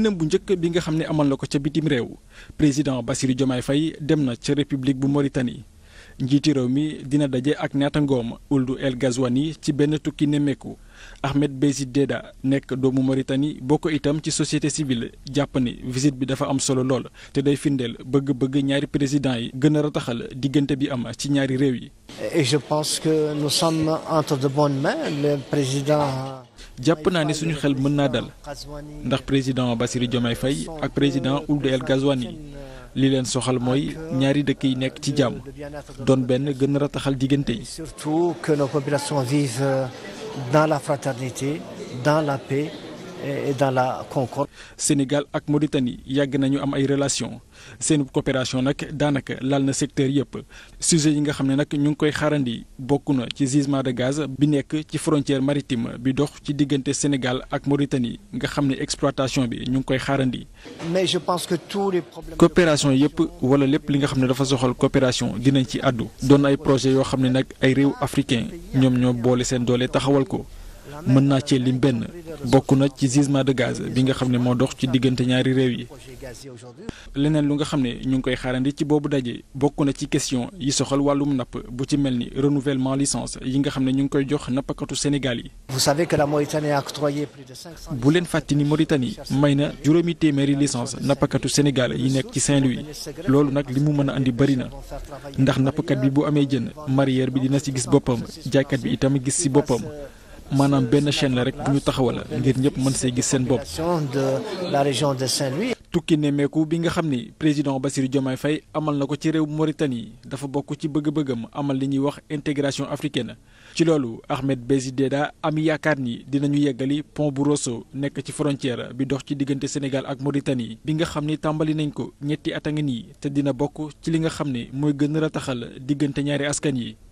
tukkinam bu njëkk bi nga xam ne amal na ko ca bitim réew président Bassirou Diomaye Faye dem na ca république bu Mauritanie njiiti réew mi dina daje ak naatangoom Ould El Ghazouani ci benn tukki nemmeeku Ahmed Bezid Deda nekk doomu boo bokk itam ci société civile jàpp ni visite bi dafa am solo lool te day firndeel bëgg-bëgg ñaari président yi gëna a rataxal diggante bi am ci ñaari réew yi. nous sommes entre de bonnes mains, le président. jàpp naa ne suñu xel mën naa dal ndax président Bassirou Diomaye fay ak président Ould El Ghazouani li leen soxal mooy ñaari dëkk yi nekk ci jàmm doon benn gën a rataxal diggante yi. surtout que nos populations vivent euh, dans la fraternité dans la paix. et dans la concorde. Sénégal ak Mauritanie yàgg nañu am ay relations seen coopération nag daanaka laal na secteur yëpp sujet yi nga xam ne nag ñu ngi koy xaarandi bokk na ci gisement de gaz bi nekk ci frontière maritime bi dox ci diggante Sénégal ak Mauritanie nga xam ne exploitation bi ñu ngi koy xaarandi. mais je pense que tous les problèmes. coopération yëpp wala lépp li nga xam ne dafa soxal coopération dinañ ci àddu doon ay projet yoo xam ne nag ay réew africain ñoom ñoo boole seen doole taxawal ko. mën naa cee lim benn bokk na ci gisement de gaz bi nga xam ne moo dox ci diggante ñaari réew yi. leneen lu nga xam ne ñu ngi koy xaarandi ci boobu daje bokk na ci question yi soxal wàllum napp bu ci mel ni renouvellement licence yi nga xam ne ñu ngi koy jox nappakatu Sénégal yi. vous savez que la a octroyé plus de 500. bu leen fàttali ni Mauritanie may na juróomi téeméeri licence nappakatu Sénégal yi nekk ci Saint-Louis loolu nag li mu mën a andi bëri na ndax nappakat bi bu amee jën mareyeur bi dina si gis boppam jaaykat bi itam gis si boppam. maanaam benn chaine la rek bu ñu taxawal ngir ñëpp mën see gis seen bopp. tukki nemmeeku bi nga xam ni président Bassirou Diomaye Faye amal na ko ci réew Mauritanie dafa bokk ci bëgg-bëggam amal li ñuy wax intégration africaine ci loolu Ahmed Bézi Deda am yaakaar ni dinañu yeggali pont bu Rosso nekk ci frontière bi dox ci diggante Sénégal ak Mauritanie bi nga xam ni tàmbali nañ ko ñetti at a ngi nii te dina bokk ci li nga xam ne mooy gën a rataxal diggante ñaari askan yi.